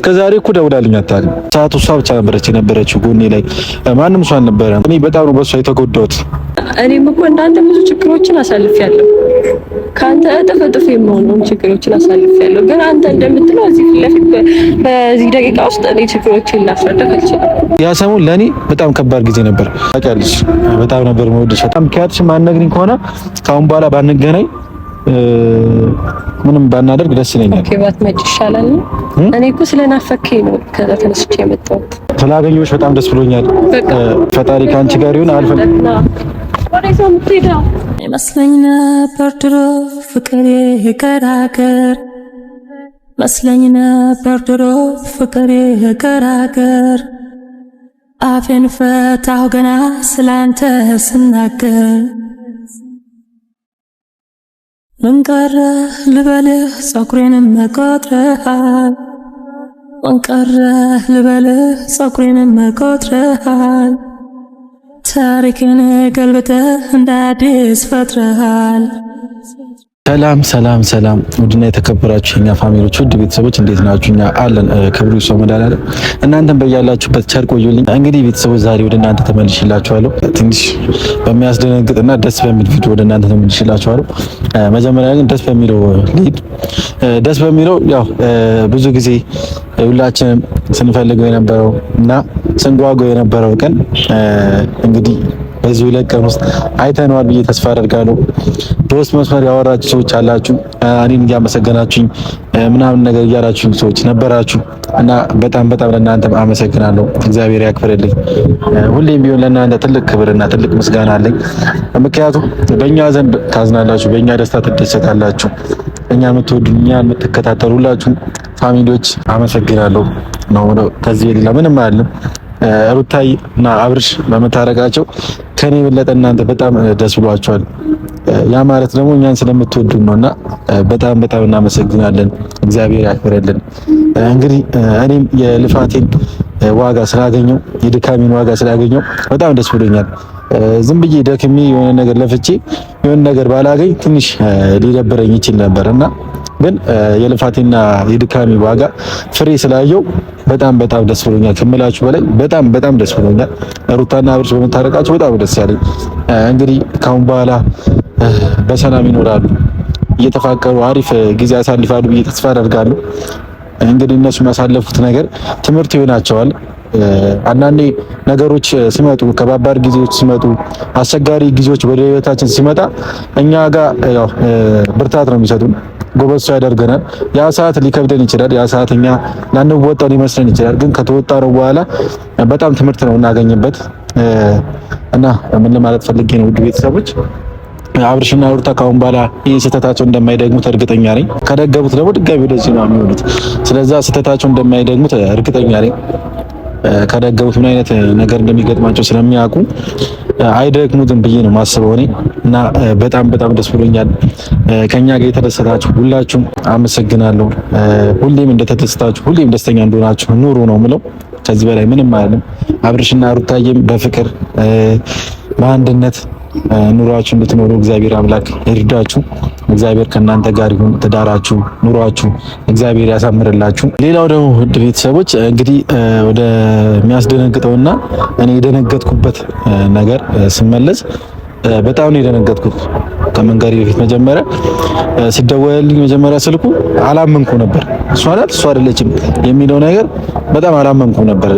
እስከ ዛሬ እኮ ደውላልኝ አታውቅም። ሰዓቱ እሷ ብቻ ነበረች የነበረችው ጎኔ ላይ ማንም እሷ አልነበረ። እኔ በጣም ነው በእሷ የተጎዳሁት። እኔም እኮ እንዳንተ ብዙ ችግሮችን አሳልፌያለሁ። ከአንተ እጥፍ እጥፍ የማሆነውን ችግሮችን አሳልፌያለሁ። ግን አንተ እንደምትለው እዚህ ፊት ለፊት በዚህ ደቂቃ ውስጥ እኔ ችግሮችን ላስረዳህ አልችልም። ያ ሰሞን ለእኔ በጣም ከባድ ጊዜ ነበር። ታውቂያለሽ፣ በጣም ነበር መወደሽ። በጣም ከያትሽ ማነግሪኝ ከሆነ ከአሁን በኋላ ባንገናኝ ምንም ባናደርግ ደስ ይለኛል። ኦኬ ባትመጭ ይሻላል። እኔ እኮ ስለናፈከኝ ነው ከዛ ተነስቼ የመጣሁት። ስላገኘሁሽ በጣም ደስ ብሎኛል። ፈጣሪ ከአንቺ ጋር ይሁን። አልፈን መስለኝ ነበር ድሮ ፍቅሬ ከራገር መስለኝ ነበር ድሮ ፍቅሬ ከራገር አፌን ፈታሁ ገና ስላንተ ስናገር ምንቀረ ልበልህ ፀጉሬንም መቆጥረሃል ምንቀረ ልበልህ ፀጉሬንም መቆጥረሃል ታሪክን ገልብተህ እንዳዲስ ፈጥረሃል። ሰላም ሰላም ሰላም ውድና የተከበራችሁ የኛ ፋሚሊዎች ውድ ቤተሰቦች እንዴት ናችሁ? እኛ አለን። ክብሩ ይሶ መዳላለ እናንተን በያላችሁበት ቸር ቆዩልኝ። እንግዲህ ቤተሰቦች ዛሬ ወደ እናንተ ተመልሼላችኋለሁ። ትንሽ በሚያስደነግጥና ደስ በሚል ቪዲዮ ወደ እናንተ ተመልሼላችኋለሁ። መጀመሪያ ግን ደስ በሚለው ሊድ ደስ በሚለው ያው ብዙ ጊዜ ሁላችንም ስንፈልገው የነበረው እና ስንጓጎ የነበረው ቀን እንግዲህ በዚህ ሁለት ቀን ውስጥ አይተነዋል ብዬ ተስፋ አደርጋለሁ። በውስጥ መስመር ያወራችሁ ሰዎች አላችሁ፣ እኔን እያመሰገናችሁኝ ምናምን ነገር እያላችሁኝ ሰዎች ነበራችሁ እና በጣም በጣም ለእናንተ አመሰግናለሁ። እግዚአብሔር ያክብርልኝ። ሁሌም ቢሆን ለእናንተ ትልቅ ክብርና ትልቅ ምስጋና አለኝ። ምክንያቱም በእኛ ዘንድ ታዝናላችሁ፣ በእኛ ደስታ ትደሰታላችሁ። እኛ የምትወዱ እኛ የምትከታተሉላችሁ ሁላችሁ ፋሚሊዎች አመሰግናለሁ ነው። ከዚህ የሌላ ምንም አያለም። ሩታይ እና አብርሽ በመታረቃቸው ከኔ የበለጠ እናንተ በጣም ደስ ብሏቸዋል። ያ ማለት ደግሞ እኛን ስለምትወዱ ነውና በጣም በጣም እናመሰግናለን። እግዚአብሔር ያክብረልን። እንግዲህ እኔም የልፋቴን ዋጋ ስላገኘው የድካሜን ዋጋ ስላገኘው በጣም ደስ ብሎኛል። ዝም ብዬ ደክሜ የሆነ ነገር ለፍቼ የሆነ ነገር ባላገኝ ትንሽ ሊደብረኝ ይችል ነበር እና ግን የልፋቴና የድካሜ ዋጋ ፍሬ ስላየው በጣም በጣም ደስ ብሎኛል ከምላችሁ በላይ በጣም በጣም ደስ ብሎኛል። ሩታና አብርሽ በመታረቃቸው በጣም ደስ ያለኝ እንግዲህ ካሁን በኋላ በሰላም ይኖራሉ፣ እየተፋቀሩ አሪፍ ጊዜ ያሳልፋሉ ብዬ ተስፋ አደርጋለሁ። እንግዲህ እነሱ ያሳለፉት ነገር ትምህርት ይሆናቸዋል። አንዳንዴ ነገሮች ሲመጡ ከባባድ ጊዜዎች ሲመጡ አስቸጋሪ ጊዜዎች ወደ ህይወታችን ሲመጣ እኛ ጋር ብርታት ነው የሚሰጡን። ጎበዝ ሰው ያደርገናል። ያ ሰዓት ሊከብደን ይችላል። ያ ሰዓት እኛ ላንወጣው ሊመስለን ይችላል። ግን ከተወጣ ነው በኋላ በጣም ትምህርት ነው እናገኝበት እና ምን ለማለት ፈልጌ ነው ውድ ቤተሰቦች አብርሽና ሩታ ካሁን በኋላ ይህን ስህተታቸው እንደማይደግሙት እርግጠኛ ነኝ። ከደገሙት ደግሞ ድጋሚ ወደዚህ ነው የሚሆኑት። ስለዛ ስህተታቸው እንደማይደግሙት እርግጠኛ ነኝ። ከደገሙት ምን አይነት ነገር እንደሚገጥማቸው ስለሚያውቁ አይደክሙትም ብዬ ነው ማስበው እኔ እና በጣም በጣም ደስ ብሎኛል። ከኛ ጋር የተደሰታችሁ ሁላችሁም አመሰግናለሁ። ሁሌም እንደተደሰታችሁ፣ ሁሌም ደስተኛ እንደሆናችሁ ኑሩ ነው ምለው። ከዚህ በላይ ምንም አይደለም። አብርሽና ሩታዬም በፍቅር በአንድነት ኑሯችሁ እንድትኖሩ እግዚአብሔር አምላክ ይርዳችሁ። እግዚአብሔር ከእናንተ ጋር ይሁን። ትዳራችሁ፣ ኑሯችሁ እግዚአብሔር ያሳምርላችሁ። ሌላው ደግሞ ውድ ቤተሰቦች እንግዲህ ወደሚያስደነግጠውና እኔ የደነገጥኩበት ነገር ስመለስ በጣም ነው የደነገጥኩት። ከመንገሪ በፊት መጀመሪያ ሲደወልልኝ መጀመሪያ ስልኩ አላመንኩ ነበር። እሷ ናት እሷ አይደለችም የሚለው ነገር በጣም አላመንኩ ነበር።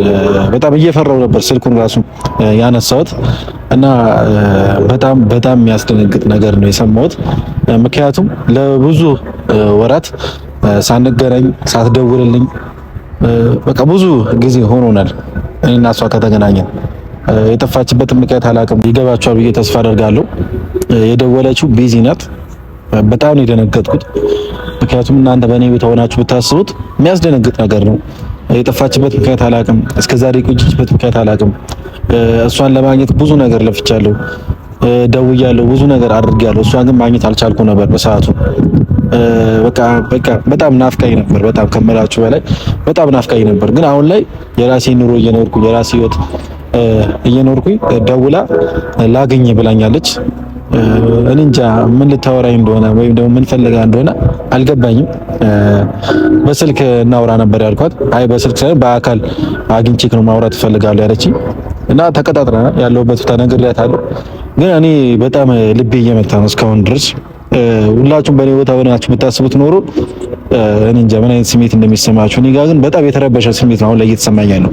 በጣም እየፈራው ነበር ስልኩን ራሱ ያነሳሁት እና በጣም በጣም የሚያስደነግጥ ነገር ነው የሰማሁት። ምክንያቱም ለብዙ ወራት ሳንገናኝ ሳትደውልልኝ በቃ ብዙ ጊዜ ሆኖናል እኔና እሷ ከተገናኘን የጠፋችበትን ምክንያት አላውቅም። ይገባቸዋል ብዬ ተስፋ አደርጋለሁ። የደወለችው ቢዚ ናት። በጣም ነው የደነገጥኩት። ምክንያቱም እናንተ በእኔ ቤት ሆናችሁ ብታስቡት የሚያስደነግጥ ነገር ነው። የጠፋችበት ምክንያት አላውቅም። እስከዛሬ የቆየችበት ምክንያት አላውቅም። እሷን ለማግኘት ብዙ ነገር ለፍቻለሁ፣ ደውያለሁ፣ ብዙ ነገር አድርጌያለሁ። እሷን ግን ማግኘት አልቻልኩ ነበር በሰዓቱ። በቃ በቃ በጣም ናፍቃኝ ነበር። በጣም ከመላችሁ በላይ በጣም ናፍቃኝ ነበር። ግን አሁን ላይ የራሴ ኑሮ እየኖርኩ የራሴ ህይወት እየኖርኩኝ ደውላ ላገኝ ብላኛለች። እኔ እንጃ ምን ልታወራኝ እንደሆነ ወይም ደግሞ ምን ፈልጋ እንደሆነ አልገባኝም። በስልክ እናውራ ነበር ያልኳት። አይ በስልክ ሳይሆን በአካል አግኝቼክ ነው ማውራት እፈልጋለሁ ያለችኝ እና ተቀጣጥረናል። ያለሁበት ቦታ ነግሬያታለሁ። ግን እኔ በጣም ልቤ እየመታ ነው እስካሁን ድረስ። ሁላችሁም በእኔ ቦታ ሆናችሁ ብታስቡት ኖሮ እኔ እንጃ ምን አይነት ስሜት እንደሚሰማችሁ። እኔ ጋር ግን በጣም የተረበሸ ስሜት ነው አሁን ላይ እየተሰማኝ ያለው።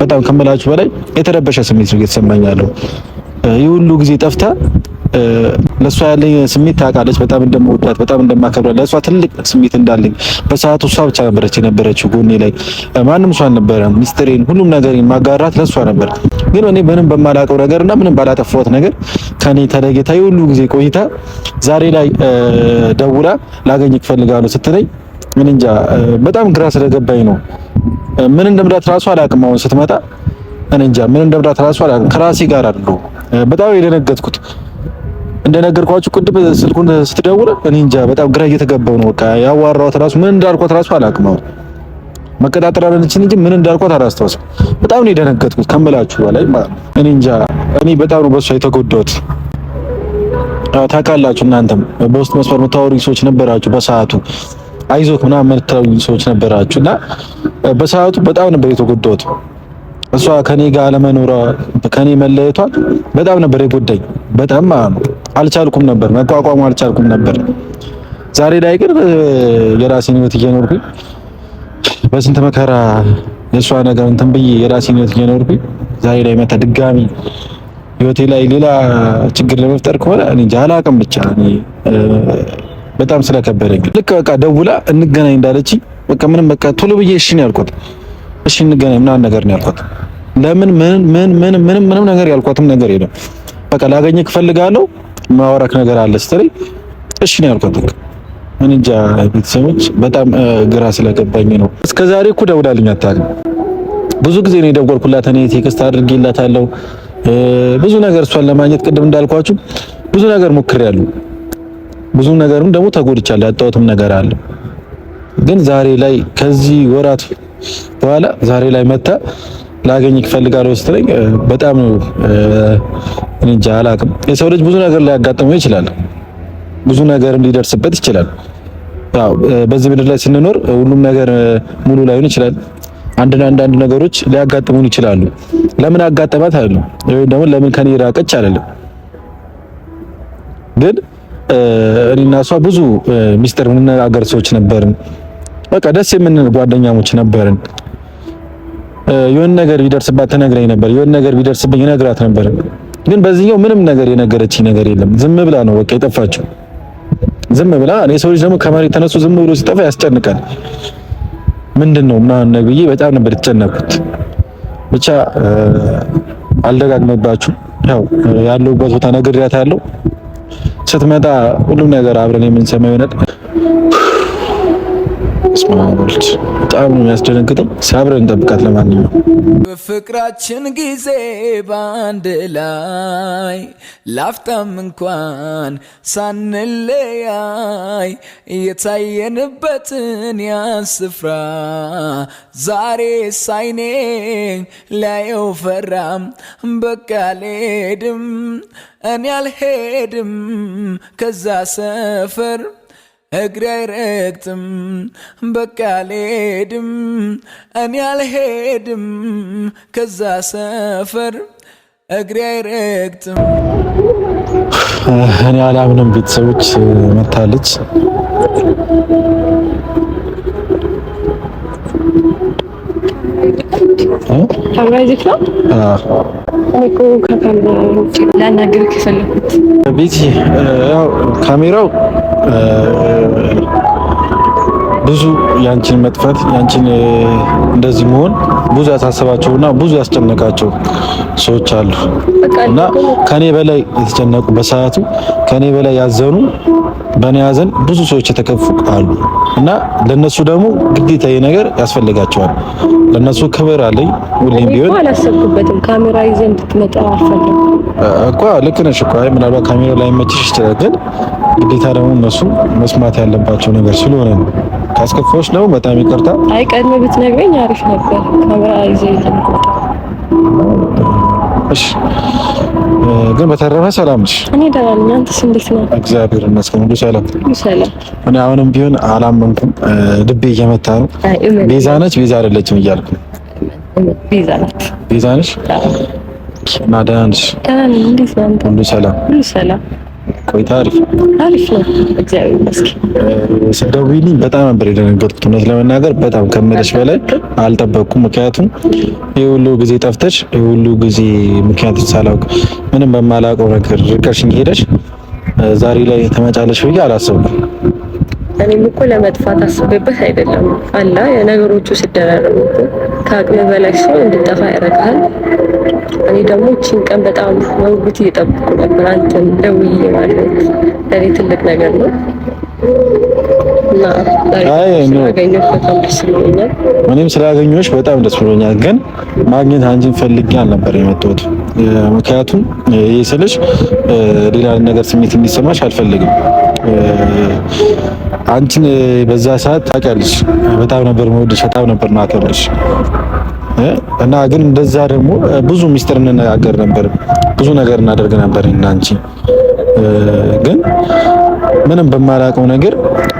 በጣም ከምላችሁ በላይ የተረበሸ ስሜት ነው እየተሰማኝ ያለው። ይህ ሁሉ ጊዜ ጠፍታ ለእሷ ያለኝ ስሜት ታውቃለች። በጣም እንደምወዳት በጣም እንደማከብራት ለእሷ ትልቅ ስሜት እንዳለኝ በሰዓቱ እሷ ብቻ ነበረች የነበረችው ጎኔ ላይ ማንም እሷ አልነበረም። ሚስጥሬን ሁሉም ነገር ማጋራት ለእሷ ነበር። ግን እኔ ምንም በማላውቀው ነገር እና ምንም ባላጠፋሁት ነገር ከኔ ተለጌታ የሁሉ ጊዜ ቆይታ ዛሬ ላይ ደውላ ላገኝ እፈልጋለሁ ስትለኝ ምን እንጃ በጣም ግራ ስለገባኝ ነው። ምን እንደምዳት ራሱ አላውቅም። አሁን ስትመጣ እኔ እንጃ ምን እንደምዳት ራሱ አላውቅም። ከራሴ ጋር አሉ በጣም የደነገጥኩት እንደነገርኳችሁ ቅድም ስልኩን ስትደውል እኔ እንጃ በጣም ግራ እየተገባው ነው። በቃ ያዋራኋት ራሱ ምን እንዳልኳት ራሱ አላውቅም። አሁን መቀጣጠር አለችን እንጂ ምን እንዳልኳት አላስታውስም። በጣም ነው የደነገጥኩት ከምላችሁ በላይ ማለት እኔ እንጃ እኔ በጣም ነው በሷ የተጎዳሁት። ታውቃላችሁ እናንተም በውስጥ መስመር የምታወሩ ሰዎች ነበራችሁ በሰዓቱ አይዞክ ምናምን የምትሉኝ ሰዎች ነበራችሁ እና በሰዓቱ በጣም ነበር የተጎዳሁት። እሷ ከኔ ጋር አለመኖሯ ከኔ መለየቷ በጣም ነበር የጎዳኝ። በጣም አልቻልኩም ነበር መቋቋሙ አልቻልኩም ነበር። ዛሬ ላይ ግን የራሴን ህይወት እየኖርኩኝ በስንት መከራ የእሷ ነገር እንትን ብዬ የራሴን ህይወት እየኖርኩኝ ዛሬ ላይ መታ ድጋሚ ህይወቴ ላይ ሌላ ችግር ለመፍጠር ከሆነ እኔ አላቅም ብቻ በጣም ስለከበደኝ ልክ በቃ ደውላ እንገናኝ እንዳለች በቃ ምንም በቃ ቶሎ ብዬ እሺ ነው ያልኳት። እሺ እንገናኝ ምናምን ነገር ነው ያልኳት። ለምን ምን ምን ምን ምንም ምንም ነገር ያልኳትም ነገር የለም። በቃ ላገኘህ እፈልጋለሁ ማወራክ ነገር አለ ስትለኝ እሺ ነው ያልኳት። ምን እንጃ ቤተሰቦች በጣም ግራ ስለገባኝ ነው። እስከዛሬ እኮ ደውላልኝ አታውቅም። ብዙ ጊዜ ነው የደወልኩላት እኔ ቴክስት አድርጌላታለሁ ብዙ ነገር እሷን ለማግኘት ቅድም እንዳልኳችሁ ብዙ ነገር ሞክሬያለሁ። ብዙ ነገርም ደግሞ ተጎድቻለሁ፣ ያጣሁትም ነገር አለ። ግን ዛሬ ላይ ከዚህ ወራት በኋላ ዛሬ ላይ መታ ላገኝ እፈልጋለሁ ስትለኝ በጣም ነው እንጃ የሰው ልጅ ብዙ ነገር ሊያጋጥመው ይችላል፣ ብዙ ነገርም ሊደርስበት ይችላል። ያው በዚህ ምድር ላይ ስንኖር ሁሉም ነገር ሙሉ ላይሆን ይችላል። አንድ አንዳንድ ነገሮች ሊያጋጥሙን ይችላሉ። ለምን አጋጠማት አይደለም ወይም ደግሞ ለምን ከኔ ራቀች አይደለም ግን እኔና እሷ ብዙ ሚስጥር የምንነጋገር ሰዎች ነበርን። በቃ ደስ የምንል ጓደኛሞች ነበርን። የሆነ ነገር ቢደርስባት ትነግረኝ ነበር። የሆነ ነገር ቢደርስብኝ ይነግራት ነበር። ግን በዚህኛው ምንም ነገር የነገረችኝ ነገር የለም። ዝም ብላ ነው በቃ የጠፋችው። ዝም ብላ እኔ ሰው ልጅ ደግሞ ከመሬት ተነሱ ዝም ብሎ ሲጠፋ ያስጨንቃል። ምንድን ነው ምናምን ነብዬ በጣም ነበር የተጨነኩት። ብቻ አልደጋግመባችሁ ያው ያለሁበት ቦታ ነግሬያታለሁ። ስትመጣ ሁሉም ነገር አብረን የምንሰማ ይሆናል። ስምናች በጣም የሚያስደነግጠው ሲያብረን እንጠብቃት። ለማንኛውም በፍቅራችን ጊዜ በአንድ ላይ ላፍታም እንኳን ሳንለያይ እየታየንበትን ያን ስፍራ ዛሬ ሳይኔ ላየው ፈራም። በቃ አልሄድም እኔ አልሄድም ከዛ ሰፈር እግሬ አይረግጥም፣ በቃ አልሄድም፣ እኔ አልሄድም ከዛ ሰፈር እግሬ አይረግጥም። እኔ አላምንም። ቤተሰቦች መታለች። ካሜራው ብዙ ያንቺን መጥፈት ያንቺን እንደዚህ መሆን ብዙ ያሳሰባቸውና ብዙ ያስጨነቃቸው ሰዎች አሉ እና ከኔ በላይ የተጨነቁ በሰዓቱ ከኔ በላይ ያዘኑ በእኔ ያዘን ብዙ ሰዎች የተከፉ አሉ እና ለነሱ ደግሞ ግዴታ ነገር ያስፈልጋቸዋል። ለነሱ ክብር አለኝ። ሁሌም ቢሆን አላሰብኩበትም። ካሜራ ይዘን ትመጣ አልፈልግም እኮ ልክ ነሽ እኮ። አይ ምናልባት ካሜራ ላይ መችሽ ግን ግዴታ ደግሞ እነሱ መስማት ያለባቸው ነገር ስለሆነ ነው። ካስከፋዎች ነው በጣም ይቅርታ። አይ ቀድሜ ብትነግረኝ አሪፍ ነበር። ካሜራ ይዘ እሺ። ግን በተረፈ ሰላም ነሽ? እኔ ደህና ነኝ። አንተስ እንዴት ነህ? እግዚአብሔር ይመስገን ሁሉ ሰላም። እኔ አሁንም ቢሆን አላመንኩም። ልቤ እየመታ ነው። ቤዛ ነች ቤዛ አይደለችም እያልኩ ቤዛ ነች ቤዛ ነች። እና ደህና ነሽ? ሁሉ ሰላም ሁሉ ሰላም ቆይታ አሪፍ አሪፍ ነው፣ እግዚአብሔር ይመስገን። ስትደውይልኝ በጣም ነበር የደነገጥኩት። እውነት ለመናገር በጣም ከምልሽ በላይ አልጠበቅኩም። ምክንያቱም ይህ ሁሉ ጊዜ ጠፍተሽ ይህ ሁሉ ጊዜ ምክንያት ሳላውቅ ምንም በማላውቀው ነገር ርቀሽኝ ሄደሽ ዛሬ ላይ ተመጫለሽ ብዬ አላሰብኩም። እኔም እኮ ለመጥፋት አስቤበት አይደለም አላ የነገሮቹ ሲደራረቡ ከአቅሜ በላይ ሰው እንድጠፋ ያደርጋል። እኔ ደግሞ እቺን ቀን በጣም በጉጉት እየጠበኩ ነበር። አንተን ደውዬ ማለት ለእኔ ትልቅ ነገር ነው እና ስላገኘሁሽ በጣም ደስ ብሎኛል። እኔም ስላገኘሁሽ በጣም ደስ ብሎኛል። ግን ማግኘት አንቺን ፈልጌ አልነበር የመጣሁት። ምክንያቱም ይህ ስልሽ ሌላ ነገር ስሜት እንዲሰማሽ አልፈልግም። አንቺን በዛ ሰዓት ታውቂያለሽ፣ በጣም ነበር መውደድሽ፣ በጣም ነበር ማከብርሽ እና ግን እንደዛ ደግሞ ብዙ ሚስጥር እንነጋገር ነበር፣ ብዙ ነገር እናደርግ ነበር እና አንቺ ግን ምንም በማላውቀው ነገር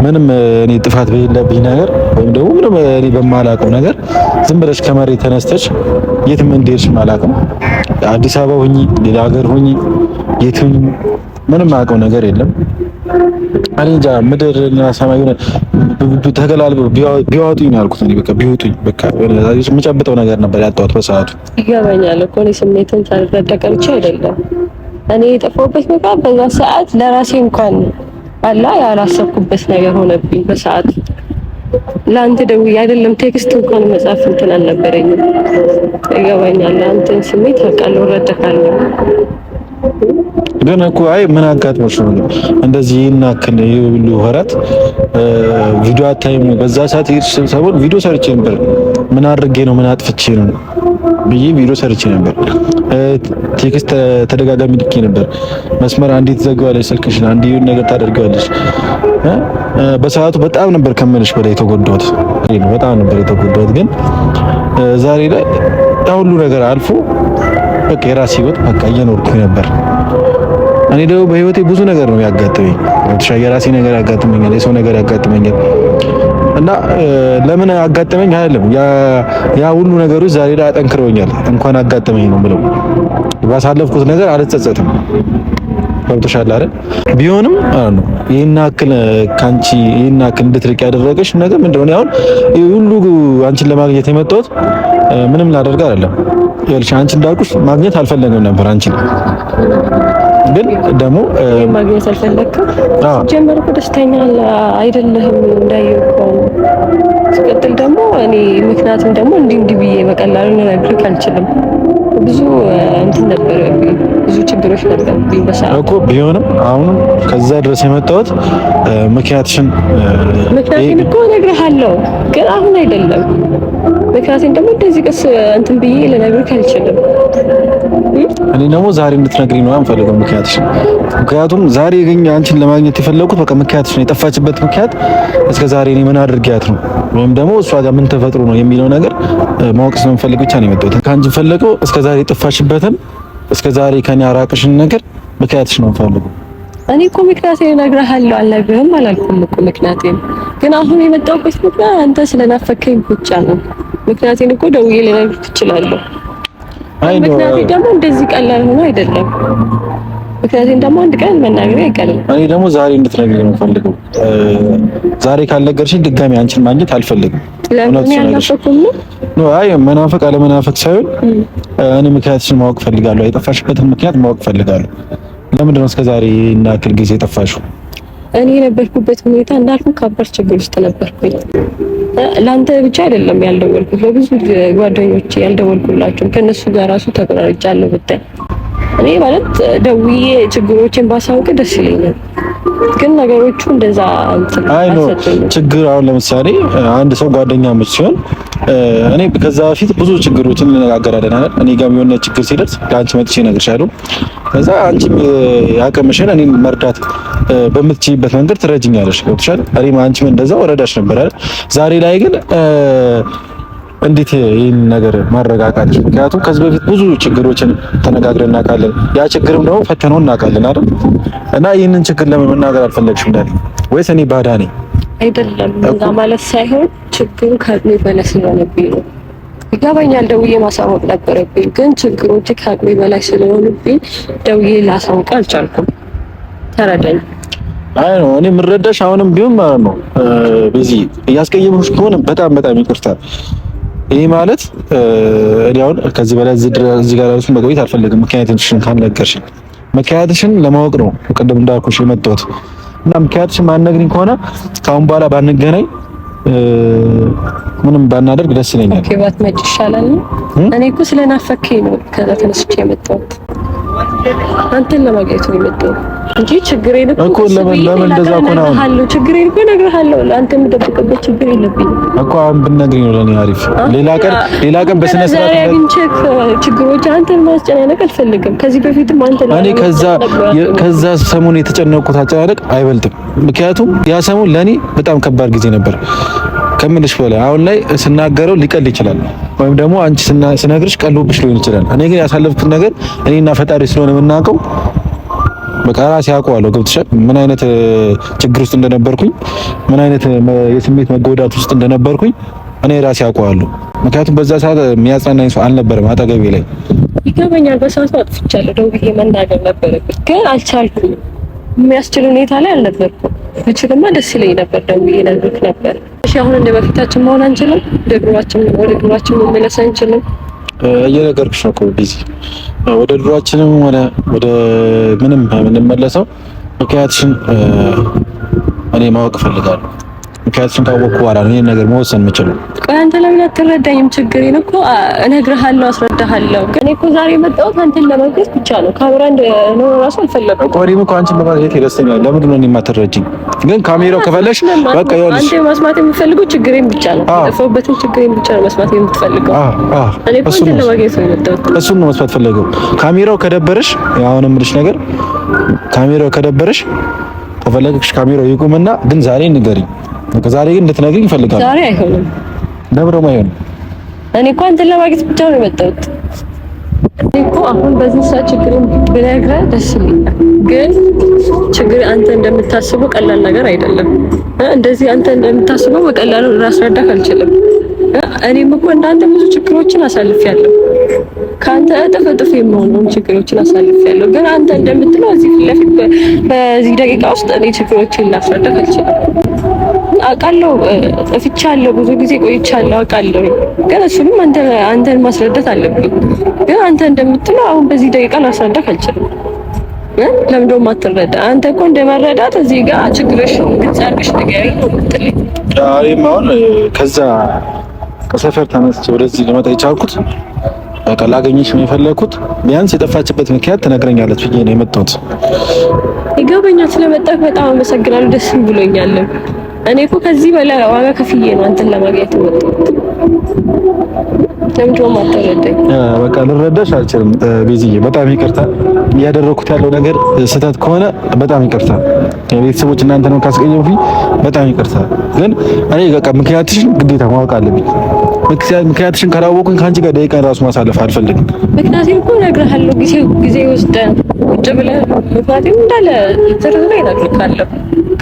ምንም እኔ ጥፋት በሌለብኝ ነገር ወይም ደግሞ ምንም እኔ በማላውቀው ነገር ዝም ብለሽ ከመሬት ተነስተሽ የትም እንደሄድሽ አላውቅም። አዲስ አበባ ሁኚ፣ ሌላ ሀገር ሁኚ፣ የት ሁኚ ምንም አውቀው ነገር የለም። እኔ ምድር እና ሰማይ ሆነ ተገላልበው ቢዋጡኝ ነው ያልኩት። እኔ በቃ ቢውጡኝ በቃ የምጨብጠው ነገር ነበር ያጣሁት በሰዓቱ። ይገባኛል እኮ እኔ ስሜትን ሳልረዳ አይደለም። እኔ የጠፋሁበት በቃ በዛ ሰዓት ለራሴ እንኳን አላ ያላሰብኩበት ነገር ሆነብኝ በሰዓቱ። ለአንተ ደውዬ አይደለም ቴክስት እንኳን መጻፍ እንትን አልነበረኝም። ይገባኛል። አንተን ስሜት ታውቃለህ፣ እረዳካለሁ ግን እኮ አይ ምን አጋጥሞሽ ነው እንደዚህ ይናክን ይብሉ ወራት ቪዲዮ አታይም። በዛ ሰዓት ይርሽ ሰቦን ቪዲዮ ሰርቼ ነበር። ምን አድርጌ ነው ምን አጥፍቼ ነው ብዬ ቪዲዮ ሰርቼ ነበር። ቴክስት ተደጋጋሚ ልኬ ነበር። መስመር አንዴ ትዘጊዋለሽ ስልክሽን፣ አንዴ ይሁን ነገር ታደርጊዋለሽ። በሰዓቱ በጣም ነበር ከመለሽ በላይ የተጎዳሁት፣ በጣም ነበር የተጎዳሁት። ግን ዛሬ ላይ ሁሉ ነገር አልፎ በቃ የራሴ ህይወት በቃ እየኖርኩኝ ነበር። እኔ ደግሞ በህይወቴ ብዙ ነገር ነው ያጋጥመኝ። የራሴ ነገር ያጋጥመኛል፣ የሰው ነገር ያጋጥመኛል። እና ለምን አጋጠመኝ አይደለም፣ ያ ሁሉ ነገሮች ዛሬ ላይ አጠንክረውኛል። እንኳን አጋጠመኝ ነው ብለው ባሳለፍኩት ነገር አልጸጸትም። ገብቶሻል አይደል? ቢሆንም አሁን ይሄን አክል ካንቺ ይሄን አክል እንድትርቅ ያደረገሽ ነገር ምንድነው? አሁን ሁሉ አንቺን ለማግኘት የመጣሁት ምንም ላደርግ አይደለም ይኸውልሽ አንቺ እንዳልኩሽ ማግኘት አልፈለግም ነበር አንቺ ግን ደግሞ ማግኘት አልፈለግም። ጀመር እኮ ደስተኛ አይደለህም እንዳየው እኮ ሲቀጥል ደግሞ እኔ ምክንያቱም ደግሞ እንዲህ እንዲህ ብዬ በቀላሉ ልነግርህ አልችልም። ብዙ እንትን ነበር ብዙ ችግሮች ነበር በሰዓት እኮ ቢሆንም አሁን ከዛ ድረስ የመጣሁት ምክንያትሽን ምክንያቱም እኮ እነግርሃለሁ ግን አሁን አይደለም ምክንያቱም ደግሞ እንደዚህ ቀስ እንትን ብዬ ልነግርህ አልችልም። እኔ ደግሞ ዛሬ እንድትነግሪኝ ነው አንፈልገው ምክንያትሽ። ምክንያቱም ዛሬ ግን አንቺን ለማግኘት የፈለኩት በቃ ምክንያትሽ ነው። የጠፋችበት ምክንያት እስከ ዛሬ እኔ ምን አድርጊያት ነው ወይም ደግሞ እሷ ጋር ምን ተፈጥሮ ነው የሚለው ነገር ማወቅ ስለምፈልግ ብቻ ነው የመጣሁት። ከአንቺ ፈለገው እስከ ዛሬ የጠፋችበትን እስከ ዛሬ ከኔ አራቅሽን ነገር ምክንያትሽ ነው የምፈልገው። እኔ እኮ ምክንያቴን እነግርሃለሁ አልነግርህም አላልኩም እኮ ምክንያቴን። ግን አሁን የመጣሁበት ምክንያት አንተ ስለናፈከኝ ብቻ ነው። ምክንያቴን እኮ ደውዬ ልነግርህ ትችላለህ። ምክንያቴ ደግሞ እንደዚህ ቀላል ሆኖ አይደለም። ምክንያቴን ደግሞ አንድ ቀን መናገር አይቀርም። እኔ ደግሞ ዛሬ እንድትነግሪኝ ነው የምፈልገው። ዛሬ ካልነገርሽኝ ድጋሚ አንቺን ማግኘት አልፈልግም። አይ መናፈቅ አለመናፈቅ ሳይሆን እኔ ምክንያትሽን ማወቅ ፈልጋለሁ። የጠፋሽበትን ምክንያት ማወቅ ፈልጋለሁ። ለምንድን ነው እስከ ዛሬ እና ያክል ጊዜ የጠፋሽው? እኔ የነበርኩበት ሁኔታ እንዳልኩ ከባድ ችግር ውስጥ ነበርኩኝ። ለአንተ ብቻ አይደለም ያልደወልኩት፣ ለብዙ ጓደኞቼ ያልደወልኩላቸው ከእነሱ ጋር ራሱ ተቆራርጫለሁ ብታይ እኔ ማለት ደውዬ ችግሮችን ባሳውቅ ደስ ይለኛል። ግን ነገሮቹ እንደዛ አይ ኖ ችግር። አሁን ለምሳሌ አንድ ሰው ጓደኛ ምት ሲሆን እኔ ከዛ በፊት ብዙ ችግሮችን እንነጋገራለን አይደል? እኔ ጋር የሆነ ችግር ሲደርስ ለአንቺ መጥቼ እነግርሻለሁ። ከዛ አንቺ ያቅምሽን እኔ መርዳት በምትችይበት መንገድ ትረጅኛለሽ። ገብቶሻል? እኔም አንቺም እንደዛ ወረዳሽ ነበር አይደል? ዛሬ ላይ ግን እንዴት ይህን ነገር ማረጋጋት? ምክንያቱም ከዚህ በፊት ብዙ ችግሮችን ተነጋግረን እናውቃለን። ያ ችግርም ደግሞ ፈተነው እናውቃለን አይደል? እና ይህንን ችግር ለምን መናገር አልፈለግሽም? ዳኒ ወይስ እኔ ባዳ ነኝ? አይደለም እዛ ማለት ሳይሆን ችግሩ ከአቅሜ በላይ ስለሆነብኝ ነው። ይገባኛል፣ ደውዬ ማሳወቅ ነበረብኝ፣ ግን ችግሮች ከአቅሜ በላይ ስለሆኑብኝ ደውዬ ላሳውቅ አልቻልኩም። ተረዳኝ። አይ ነው እኔ የምረዳሽ አሁንም ቢሆን ማለት ነው። በዚህ እያስቀየምኩሽ ከሆነ በጣም በጣም ይቅርታል። ይሄ ማለት እኔ አሁን ከዚህ በላይ እዚህ ጋር ያሉትን መቆየት አልፈለግም። ምክንያትሽን ካልነገርሽኝ ምክንያትሽን ለማወቅ ነው ቅድም እንዳልኩሽ የመጣሁት እና ምክንያትሽን ማነግሪኝ ከሆነ ከአሁን በኋላ ባንገናኝ ምንም ባናደርግ ደስ ይለኛል። ኦኬ፣ ባትመጭ ይሻላል። እኔ እኮ ስለናፈከኝ ነው ከዛ ተነስቼ የመጣሁት አንተን ለማግኘት ነው የመጣው እንጂ ችግሬን እኮ ለምን ለምን እንደዛ እኮ ነው አሁን ችግሬን እኮ እነግርሃለሁ። ለአንተ የምደብቅበት ችግር የለብኝም እኮ አሁን ብትነግሪኝ ነው ለኔ አሪፍ። ሌላ ቀን ሌላ ቀን በስነ ስርዓት ችግሮች አንተን ማስጨናነቅ አልፈልግም። ከዚህ በፊትም አንተ እኔ ከዛ ከዛ ሰሞን የተጨነቁት አጨናነቅ አይበልጥም። ምክንያቱም ያ ሰሞን ለኔ በጣም ከባድ ጊዜ ነበር። ከምልሽ በላይ አሁን ላይ ስናገረው ሊቀል ይችላል፣ ወይም ደግሞ አንቺ ስነግርሽ ቀሎብሽ ሊሆን ይችላል። እኔ ግን ያሳለፍኩት ነገር እኔና ፈጣሪ ስለሆነ የምናውቀው በቃ ራሴ አውቀዋለሁ። ገብቶሻል? ምን አይነት ችግር ውስጥ እንደነበርኩኝ፣ ምን አይነት የስሜት መጎዳት ውስጥ እንደነበርኩኝ እኔ ራሴ አውቀዋለሁ። ምክንያቱም በዛ ሰዓት የሚያጽናናኝ ሰው አልነበረም አጠገቤ ላይ። ይገባኛል። በሰዓቱ አጥፍቻለሁ፣ ደውዬ መናገር ነበረብኝ፣ ግን አልቻልኩም። የሚያስችል ሁኔታ ላይ አልነበርኩም። ብችልማ ደስ ይለኝ ነበር፣ ደውዬ ነግሬህ ነበር። እሺ፣ አሁን እንደ በፊታችን መሆን አንችልም። ድሯችን ወደ ድሯችን መመለስ አንችልም። እየነገርኩሽ ነው እኮ ቢዚ። ወደ ድሯችንም ሆነ ወደ ምንም የምንመለሰው ምክንያትሽን እኔ ማወቅ እፈልጋለሁ። ምክንያቱም ካወቅኩ በኋላ ነው ይሄን ነገር መወሰን የምችለው። ቆይ አንተ ለምን አትረዳኝም? ችግሬን እኮ እነግርሃለሁ፣ አስረዳሃለሁ። እኔ እኮ ዛሬ የመጣሁት አንተን ለማገዝ ብቻ ነው። ካሜራ እንደሆነ ራሱ አልፈለኩም እኮ እኔም እኮ አንቺን ለማግኘት የደስተኛል። ለምንድን ነው እኔ ግን ካሜራው ከፈለሽ በቃ ይኸውልሽ፣ አንተ ማስማት የምትፈልገው ችግሬን ብቻ ነው። የጠፋሁበትን ችግሬን ብቻ ነው ማስማት የምትፈልገው። እኔ እኮ አንተን ለማግኘት ነው የመጣሁት። እሱን ነው መስማት ፈለገው። ካሜራው ከደበረሽ፣ አሁን የምልሽ ነገር ካሜራው ከደበረሽ፣ ከፈለግሽ ካሜራው ይቁምና ግን ዛሬ ንገሪኝ ከዛሬ ዛሬ ግን እንድትነግሪኝ ይፈልጋል። ዛሬ አይሆንም፣ ደብረም አይሆንም። እኔ እኮ አንተን ለማግኘት ብቻ ነው የመጣሁት። እኔ እኮ አሁን በዚህ ሰዓት ችግር ብነግርህ ደስ ይለኛል፣ ግን ችግር አንተ እንደምታስበው ቀላል ነገር አይደለም። እንደዚህ አንተ እንደምታስበው በቀላሉ ላስረዳህ አልችልም። እኔም እኮ እንዳንተ ብዙ ችግሮችን አሳልፌያለሁ። ከአንተ እጥፍ እጥፍ የመሆኑን ችግሮችን አሳልፌያለሁ። ግን አንተ እንደምትለው እዚህ ፊት ለፊት በዚህ ደቂቃ ውስጥ እኔ ችግሮችን ላስረዳህ አልችልም። አውቃለሁ፣ ጠፍቻለሁ፣ ብዙ ጊዜ ቆይቻለሁ፣ አውቃለሁ። ግን እሱንም አንተን ማስረዳት አለብህ። ግን አንተ እንደምትለው አሁን በዚህ ደቂቃ ላስረዳት አልችልም። ለምደው ማትረዳ አንተ እኮ እንደመረዳት እዚህ ጋር ችግርሽ ነው ግጻርሽ ነገር ነው የምትለኝ። እኔም አሁን ከዛ ከሰፈር ተነስቼ ወደዚህ ልመጣ የቻልኩት በቃ ላገኝሽ ነው የፈለኩት። ቢያንስ የጠፋችበት ምክንያት ትነግረኛለች ብዬ ነው የመጣሁት። ይገባኛል። ስለመጣህ በጣም አመሰግናለሁ። ደስ ብሎኛል። እኔ እኮ ከዚህ በላይ ዋጋ ከፍዬ ነው አንተን ለማግኘት የመጣሁት። ለምንድን ነው የማትረዳኝ? በቃ ልረዳሽ አልችልም ቤዝዬ፣ በጣም ይቅርታ። እያደረኩት ያለው ነገር ስህተት ከሆነ በጣም ይቅርታ። ቤተሰቦች እናንተ ነው ካስቀየምኩኝ በጣም ይቅርታ። ግን እኔ በቃ ምክንያትሽን ግዴታ ማወቅ አለብኝ። ምክንያትሽን ካላወቅኩኝ ከአንቺ ጋር ደቂቃን ራሱ ማሳለፍ አልፈልግም። ምክንያቴን እኮ እነግርሃለሁ። ጊዜ ጊዜ ውስጥ ቁጭ ብለህ ምክንያቴም እንዳለ ዝርዝር ይነግርካለሁ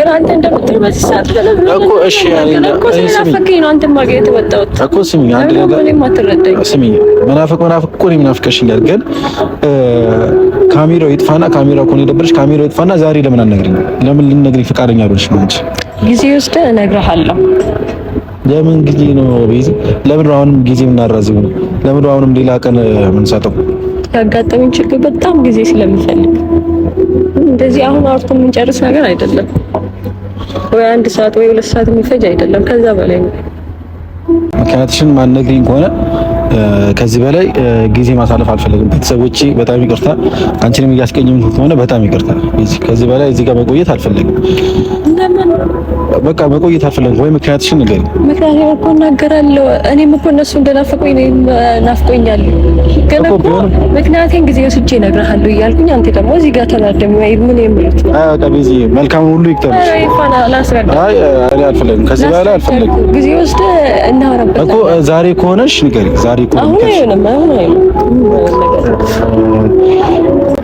ነገር አንተ እንደምትል በዚህ ሰዓት እኮ እሺ ነው አንተ ማግኘት የመጣሁት እኮ ስሚ፣ አንድ ነገር ስሚ፣ መናፈቅ መናፈቅ እኮ እኔ ምናፍቀሽኛል፣ ግን ካሜራው ይጥፋና ካሜራው እኮ ነው የደበረሽ። ካሜራው ይጥፋና ዛሬ ለምን አልነግሪኝ? ለምን ልነግሪኝ ፈቃደኛ አልሆንሽ ነው እንጂ ጊዜ ወስደህ እነግርሃለሁ። ለምን ጊዜ ነው ቤዚ? ለምን አሁንም ጊዜ የምናራዝም ነው? ለምን አሁንም ሌላ ቀን የምንሰጠው? ያጋጠመኝ ችግር በጣም ጊዜ ስለሚፈልግ እንደዚህ አሁን አውርቶ የምንጨርስ ነገር አይደለም። ወይ አንድ ሰዓት ወይ ሁለት ሰዓት የሚፈጅ አይደለም፣ ከዛ በላይ ነው። ምክንያትሽን ማነግሪኝ ከሆነ ከዚህ በላይ ጊዜ ማሳለፍ አልፈልግም። ቤተሰቦቼ በጣም ይቅርታ፣ አንቺንም እያስቀየምኩ ከሆነ በጣም ይቅርታ። ከዚህ በላይ እዚህ ጋር መቆየት አልፈልግም። በቃ መቆየት አልፈለግም ወይ ምክንያትሽን ንገሪኝ። ምክንያት እኮ እናገራለሁ። እኔም እኮ እነሱ እንደናፈቁኝ እኔም ናፍቆኛል። ግን እኮ ምክንያቴን ጊዜ ወስጄ እነግርሃለሁ እያልኩኝ አንተ ደግሞ እዚህ ጋር ተናደም ወይ ምን የምልህ? አይ በቃ ቢዚ መልካም ሁሉ ይቅጠርሽ። አይ ፋና ላስረዳ። አይ አልፈለግም፣ ከዚህ በኋላ አልፈለግም። ጊዜ ወስደህ እናወራበት እኮ ዛሬ ከሆነሽ ንገሪኝ። ዛሬ ከሆነ አሁን አይሆንም፣ አሁን አይሆንም።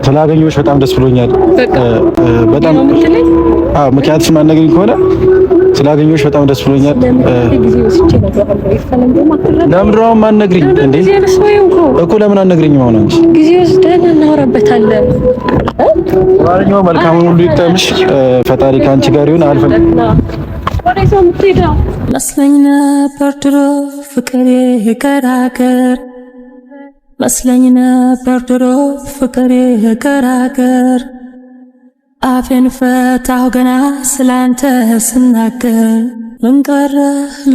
ስላገኘሁሽ በጣም ደስ ብሎኛል። በጣም አዎ፣ ምክንያቱም ማነገኝ ከሆነ ስላገኘሁሽ በጣም ደስ ብሎኛል። ለምን ድሮም ማነግሪኝ እንዴ? እኮ ለምን አነግሪኝም? አሁን አንቺ ጊዜ ወስደን እናወራበታለን። ማንኛውም መልካም ሁሉ ይጠምሽ። ፈጣሪ ከአንቺ ጋር ይሁን። አልፈልም ይመስለኝ ነበር ድሮ ፍቅሬ ከራከር መስለኝ ነበር ድሮ ፍቅሬ ገራገር አፌን ፈታሁ ገና ስላንተ ስናገር ምንቀረ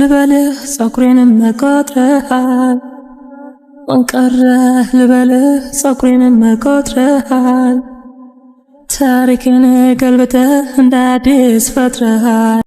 ልበልህ ፀጉሬንም መቆጥረሃል ምንቀረ ልበልህ ፀጉሬንም መቆጥረሃል ታሪኬን ገልብተህ እንደ አዲስ ፈጥረሃል።